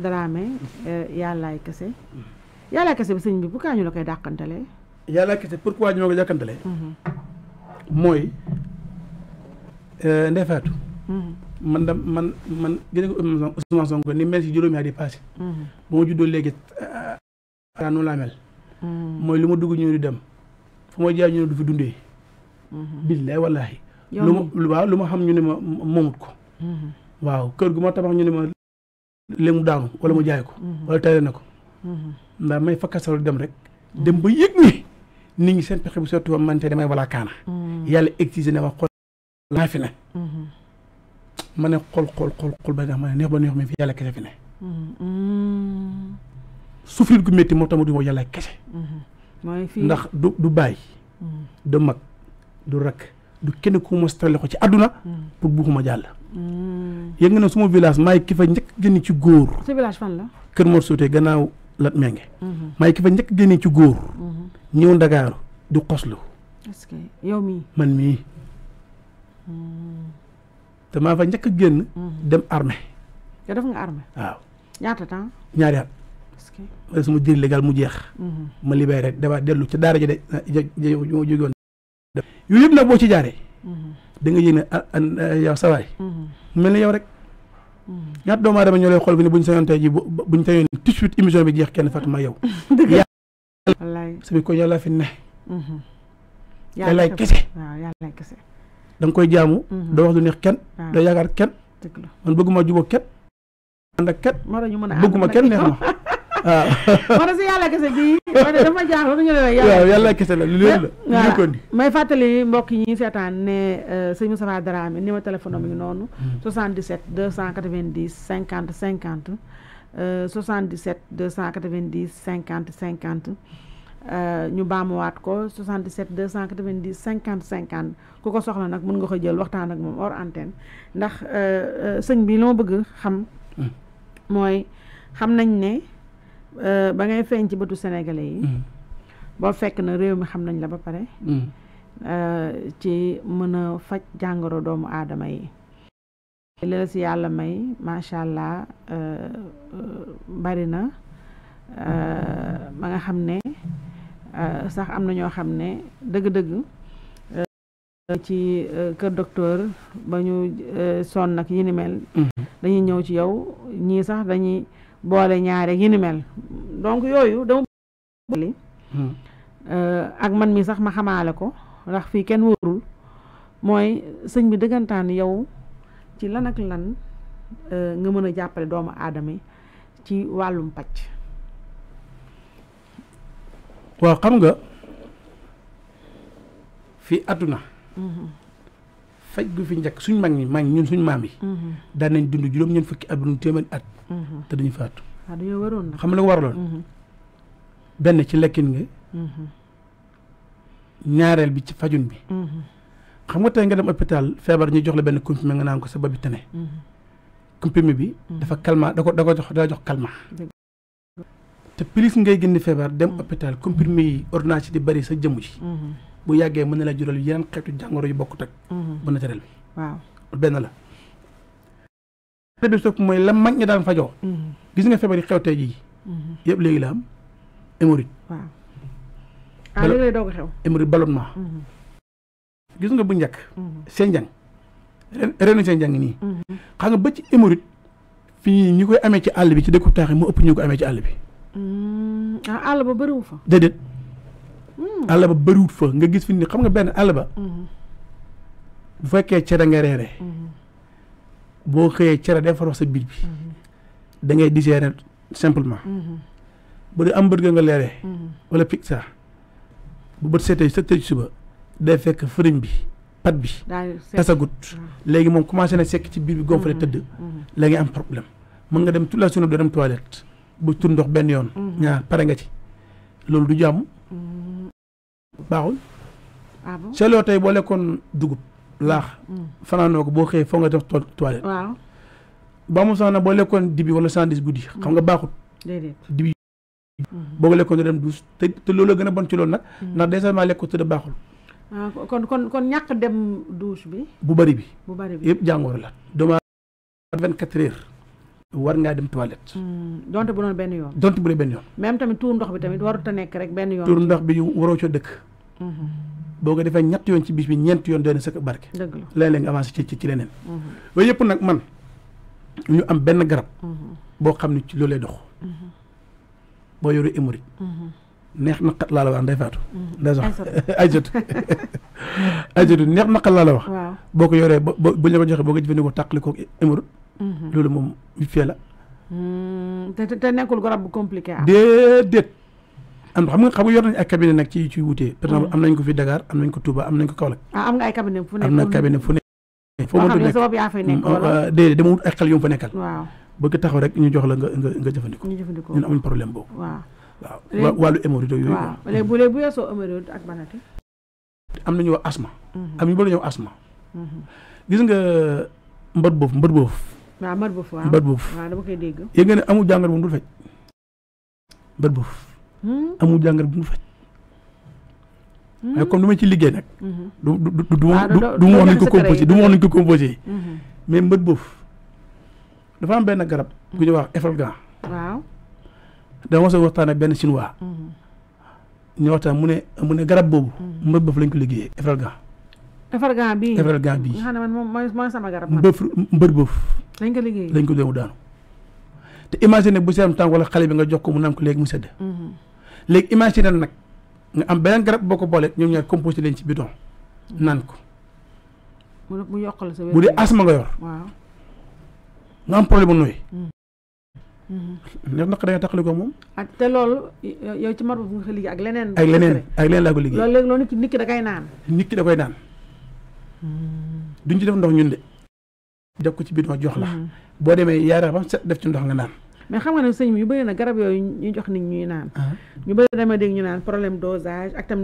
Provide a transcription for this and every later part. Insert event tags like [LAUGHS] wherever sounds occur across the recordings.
Dramé yàllaay kese yàllaay kese bi sëñ bi bu kaa ñu la koy dàqantalee yàllaay kese pourquoi ñu ma ko dàqantalee mooy ndefaatu man da man man gis nga Ousmane Sonko ni mel si juróomi at yi passé ba ma juddoo léegi daa mel mooy lu ma dugg ñu di dem fu ma jaay ñu ne du fi dundee billaay wallaahi lu ma lu ma xam ñu ne ma moomut ko waaw kër gu ma tabax ñu ne ma léegi mu daanu wala mu jaay ko. Mhm. wala tayal na ko. Mhm. ndax may fakkasalu dem rek. Mhm. dem ba yëg ni nit ñi seen pexe bu surtout man tey damay wala kaana. yàlla exigé na ma xol laa fi ne. ma ne xol xol xol xol ba nga xam ne neex ba neex mi fi yàlla kese fi ne. souffrir gu métti moo tax ma du ma yàlla kese. ndax du du bàyyi. du mag du rakk du kenn ku ma stélé ko ci àdduna. pour buuxuma jàll. yëg nga suma village maay ki fa njëkk génne ci góor. sa village fan la. Kër Mor Sotee gannaaw Lat Menge. maay ki fa njëkk génne ci góor. ñëw Ndakaaru di xoslu. est man mii. te maa fa njëkk génn. dem armée. yow def waaw ñaata temps. ñaari at. suma jëri légal mu jeex. ma libéré damaa dellu ci daara ja de ja ma jógoon. yooyu yëpp nag boo ci jaaree. da nga ne ah, ah, ah, yow sawaay mm-hmm. mel ni yow rek mm-hmm. ñaata doomu aadama ñoo lay xool bi ne buñ sañoon tey ji buñ sañoon tout de suite émission bi jeex kenn Fatma yow [LAUGHS] yàlla sabi ko yàlla fi ne mm-hmm. yàllaay kese da koy jaamu doo wax du neex kenn doo yaakaar kenn man bëgguma jubóo kenn ànd ak kenn bëgguma kenn neex ma [LAUGHS] waaw. wax na si yàlla kese bii. wax na dafa jaaxal dañu la yàlla. waaw yàlla kese la lu leen la. ñu ko ni may fàttali mbokk yi ñuy seetaan ne euh, sëñ Moustapha Dramé numéro téléphone am yi noonu. 77 290 50 50 77 290 ku ko soxla nag mën nga ko jël waxtaan ak moom hors antenne ndax euh, euh, sëñ bi li ma bëgg xam. Mm. mooy xam nañ ne. Euh, ba ngay feeñ ci bëtu sénégalais yi mm-hmm. boo fekk na réew mi xam nañ la ba pare mm-hmm. euh, ci mën a faj jàngoro doomu aadama yi li la si yàlla may macha allah euh, bari na ma nga xam ne sax am na ñoo xam ne dëgg-dëgg ci kër docteur ba ñu sonn nag yi ni mel mm-hmm. dañuy ñëw ci yow ñii sax dañuy boole ñaare yi ni mel donc yooyu dama bëgg hmm. euh, ak man mi sax ma xamaale ko ndax fii kenn wóorul mooy sëñ bi dëggantaan yow ci lan ak lan euh, nga mën a jàppale doomu aadama yi ci wàllum pàcc. waaw xam nga fi àdduna mm-hmm. fay gu fi ñak suñ mag ni mag ñun suñ mam yi mhm. da nañ dund juróom ñen fukki at bu téeméer at mhm. te dañu faatu ah, xam la waraloon mhm. benn ci lekkin nga ñaareel bi ci fajun bi xam nga tey nga dem hôpital feebar ñu jox la benn comprimé nga naan ko sa babi tane comprimé bi dafa kalma da ko da ko jox da jox kalma te plus ngay génn feebar dem hôpital comprimé yi ordonnance di bari sa jëmm ci bu yàggee mën na la jural yeneen xeetu jàngoro yu bokkut ak mhm. bu naturel bi waaw benn la bi sopp mooy la mag ñi daan fajoo mhm. gis nga feebar yi xew tey jii mhm. yëpp léegi la am hémorroïde ah léegi lay doog xew hémorroïde ballonnement gis nga bu njëkk seen jàng reenu seen nii xam nga ba ci hémorroïde fii ñi koy amee ci àll bi ci dëkku taax yi moo ëpp ñu ko amee ci àll bi mm, ah àll ba bëriwu fa déedéet Hmm. Ala ba bëriwut fa nga gis fi ni xam nga benn àll ba. Hmm. bu fekkee cere nga reere hmm. boo xëyee cere day faral sa biir bi da ngay digéré simplement bu dee hamburger nga leere wala pizza bu bët sété sept heures suba day fekk farine bi pat bi tasagut léegi moom commencé na sekk ci biir bi gonfale tëdd la ngay am problème mën nga dem toute la journée doo dem toilette bu tur ndox benn yoon ñaar pare nga ci loolu du jàmm baaxul. ah bon seetloo tey boo lekkoon dugub. laax mm. fanaanoo ko boo xëyee foo nga def toilette. waaw ba mu sax na boo lekkoon dibi wala sandis guddi. xam nga mm. baaxul. déedéet dibi mm-hmm. boo ko lekkoon dem douche te te gën a bon ci loolu nag. Mm. ndax déjà maa lekk ko tëdd baaxul. Ah, kon kon kon ñàkk dem douche bi. bu bari bi bu bari bi yëpp jàngoro la. doomu aadama vingt quatre heures. war ngaa dem toilette. donte bu doon benn yoon. donte bu doon benn yoon. même tambi tuur ndox bi tamit warut a nekk rek benn yoon. tuur ndox bi waroo ca dëkk. Mhm. boo ko defee ñett yoon ci bis bi ñeent yoon doy sëkk sa barke. léeg-léeg nga avancé ci ci ci leneen. yooyu mhm. yëpp nag man ñu am benn garab. Mhm. boo xam ne ci loolu dox. boo yoru émorite. neex na xat laa la wax nday faatu. nday sax ay ajatu neex na xat laa la wax. waaw boo ko yoree ba bu ñu la ko joxee boo ko jëfandikoo tàqali koog émorite. loolu moom fee la. te te nekkul garab bu compliqué ah. déedéet. am xam nga xam nga yor nañu ay cabinet nag ci ci wutee mm. ko fi Dakar am nañ ko Touba am nañ ko Kaolack ah, am nga ay cabinet fu nekk am na cabinet mm, ah, ñu jox la nga nga nga jëfandikoo ñun amuñ problème boobu waaw wàllu hémorroïde yooyu léegi bu léegi bu yeesoo hémorroïde ak banati am nañu wax asma mm-hmm. am ñu bëri ñëw asma mm-hmm. gis nga uh, mbët boof mbët boof mbët boof yëg nga ne amul jàngat bu mu dul faj mbët boof Hmm? amul jàngat bu mu faj. mais hmm? comme du ma ci liggéey nag. Hmm. du du du du ma wax nañ ko ma wax nañ ko composé. mais mbët boof dafa am benn garab. gu ñuy wax effelgan. waaw dama mos a benn chinois. ñu mu ne mu ne garab boobu. mbët boof lañ ko liggéeyee effelgan. effelgan bii effelgan bii. nga xam ne man mooy mooy sama garab. mbëf mbët boof. lañ ko doomu daanu. te imagine bu seeram tàng wala xale bi nga jox ko mu naan ko léegi mu sedd. léegi imaginer nag nga am beneen garab boo ko boolee ñoom ñaar composé leen ci bidon naan ko. mu sa bu dee asma nga yor. waaw nga am problème mu nooy. ñoom mm. mm-hmm. naka da nga taxali ko moom. ak ah, te loolu yow ci marabu bu nga ko liggéey ak leneen. ak leneen ak leneen laa ko liggéey. loolu léegi loolu nit ki da koy naan. nikki da koy naan. Mm. duñ ci def ndox ñun de. def ko ci bidon jox la. Mm-hmm. boo demee yaara ba set def ci ndox nga naan. mais xam nga ne sëñ yu ñu na garab yooyu ñu jox nit ñuy naan ah. ñu bëri dama dégg ñu naan problème dosage ak tam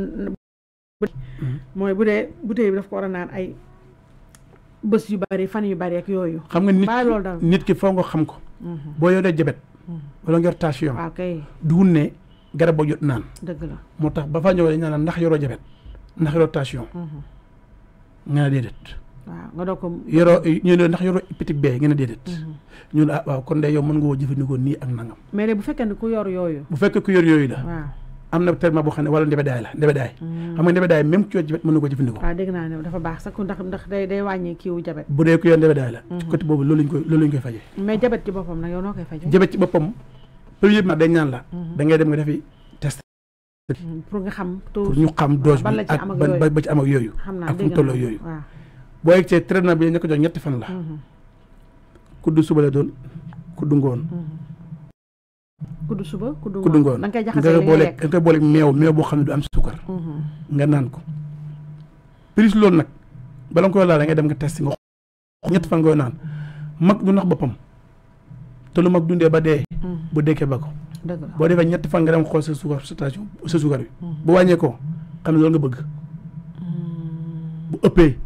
hmm. mooy bu dee bouteille bi daf ko war a naan ay bës yu bari fan yu bari ak yooyu xam nga nit nit ki foo nga xam ko hmm. boo yoree jabet hmm. wala nga yor tension ah, duwun ne garab boo jot naan dëgg la moo tax ba fa ñëw dañ naan ndax yoroo jabet ndax yoroo tension nga ne déedéet waaw nga doog ko yoroo ñu ne B ngeen a déedéet mhm. ñu ne ah waaw kon de yow mën nga woo jëfandikoo nii ak nangam mais bu fekkee ne ku yor yooyu la am na traitement boo xam ne wala ndebedaay la ndebedaay mm. xam nga ndebedaay même ku yor jabet mën na mm-hmm. koy jabet ci boppam nag yow noo koy fajee la mm-hmm. da ngay dem nga defi test mm-hmm. pour nga xam pour ñu boo yegg see traitement bi ñu ko jox ñetti fan la. Mm-hmm. kuddu suba la doon kuddu ngoon. Mm-hmm. kuddu suba kuddu ngoon da nga koy jaxasee li nga lekk meew meew boo xam ne du am suukar. Mm-hmm. nga naan ko. plus loolu nag bala nga koy laal da dem nga test nga xool ñetti fan ngay naan nax boppam te lu mag dundee ba dee. bu dekkee boo defee ñetti fan nga dem xool sa suukar station sa suukar bi. bu wàññee xam ne loolu nga bëgg. bu ëppee.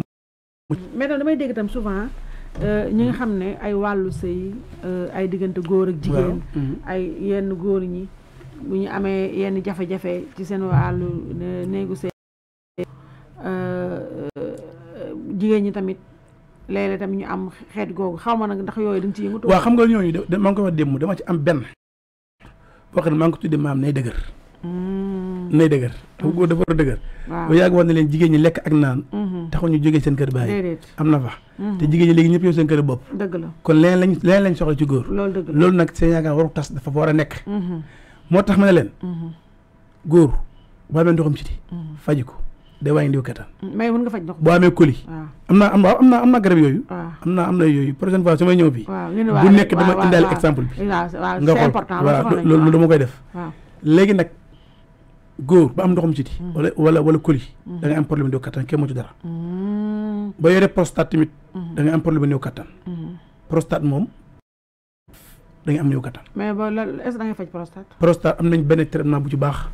mais nag damay dégg tam souvent euh, ñi nga xam ne ay wàllu sëy euh, ay diggante góor ak jigéen mhm. ay yenn góor ñi bu ñu amee yenn jafe-jafe ci seen wàllu néegu sëy euh, jigéen ñi tamit léeg-léeg ñu am xeet googu xaw ma nag ndax yooyu dañ ci yëngu waaw xam nga ñooñu maa ngi koy wax démb dama ci am benn boo xam ne maa ngi ko tuddee nay dëgër hmm. nay dëgër dafa góor dafa war a dëgër ba yàgg war na leen jigéen ñi lekk ak naan mhm. taxul ñu jógee seen kër bàyyi am na fa mhm. te jigéen ñi léegi ñëpp yow seen kër bopp kon leneen leneen lañ soxla ci góor loolu nag seen yaakaar waru tas dafa war a nekk mhm. moo tax ma ne leen góor boo amee ndoxam siti faji ko day wàññi diw kattan mm, mais boo amee coli am naa am naa am naa garab yooyu am naa am na yooyu prochaine fois su may ñëw fii bu nekk dama indaale exemple Go, ba am ndoxam ci di mm-hmm. wala wala wala coli mm-hmm. da nga am problème de katan kemo ci dara mm-hmm. ba yore prostate tamit da nga am problème néew katan prostate mom da nga am néew katan mais ba la est da nga fajj prostate prostate am nañ ben traitement bu ci bax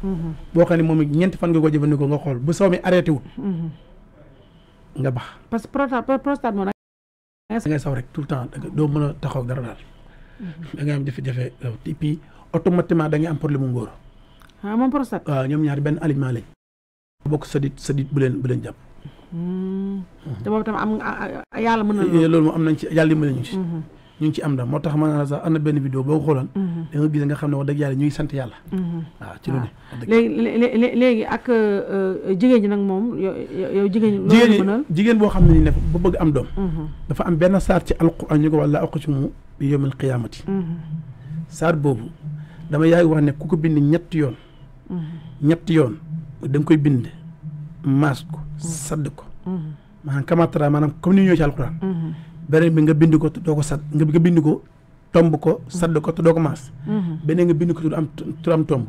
bo xani mom ñent fan nga ko ko nga xol bu sawmi arrêté wu nga bax parce prostate prostate mo da nga saw rek tout temps taxaw dara dal da nga am jafe-jafe tipi. automatiquement da nga am problème mu ah moom prostate. waaw ah, ñoom ñaari benn aliment lañ. bokk sëdit sëdit bu leen bu leen jàpp. Hmm. te hmm. boobu tam am ah, yàlla mën na eh, loolu moom ci ñu hmm. ci. am ndam moo tax ma ne sax am na benn vidéo boo ko xoolaan. da nga gis nga xam ne wax dëgg yàlla ñu ngi sant yàlla. waaw ah, ci lu ne. léegi ak euh, euh, jigéen ñi nag moom jigéen boo xam ne nii nag ba bëgg am doom. dafa am benn saar ci alquran ñu ko wala aqsimu bi yawmil qiyaamati. saar boobu dama yaay wax ne ku ko bind ñetti yoon. ñetti yoon da koy bind mas ko sadd ko maanaam kamatara maanaam comme ni ñoo ci alquran beneen bi nga bind ko doo ko sad nga nga bind ko tomb ko sadd ko te doo ko mas beneen nga bind ko tu am tu am tomb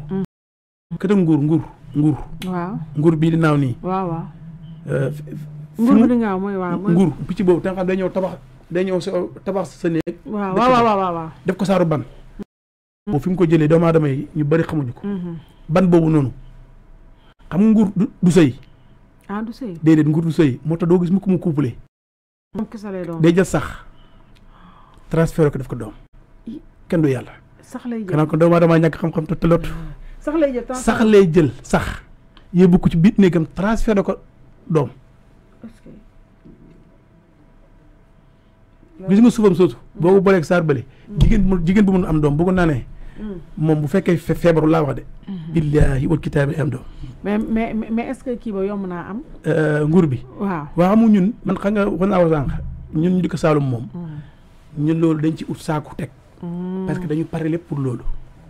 kata nguur nguur nguur ngur nguur bii di naaw nii waaw waaw euh, nguur bi nga mooy waaw nguur picc boobu tam xam day ñëw tabax day ñëw sa tabax sa néeg waaw waaw waaw waaw def ko saaru ban mm-hmm. boobu fi mu ko jëlee doomu aadama yi ñu bari xamuñu ko mm-hmm. ban boobu noonu xam nga nguur du sëy ah du sëy déedéet nguur du sëy moo tax doo gis mu ko mu couplé. day jël sax transfert ko def ko doom kenn du yàlla. sax lay jël kanam ko doomu aadama ñàkk xam-xam te tëlot. Ah. sax lay jël sax lay jël sax yóbbu ci biir néegam transfert ko doom. gis nga suufam soosu. Mm. boo ko booleeg saar bële. Mm. jigéen bu jigéen bu mun am doom bëggoon naa ne. Mm. moom bu fekkee feebaru laa wax de. Mm-hmm. billaahi wal kitaabi am doom. mais mais mais est-ce que kii ba yomb naa am. Euh, nguur bi. waaw waaw amu ñun man xam nga war naa war sànq ñun ñu di ko Saalum moom. Mm. ñun loolu dañ ci ut saaku teg. Mm. parce que dañu pare lépp pour loolu.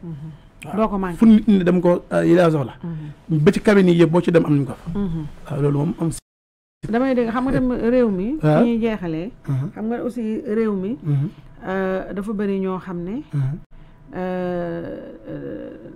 Mm-hmm. doo ko manqué fu nit ñi dem ko euh, yi laa mm-hmm. ba ci cabine damay dégg xam nga tam réew mi. waaw ah. ñuy jeexalee. Uh-huh. xam nga aussi réew mi. Euh, dafa bëri ñoo xam ne. Uh-huh. euh, euh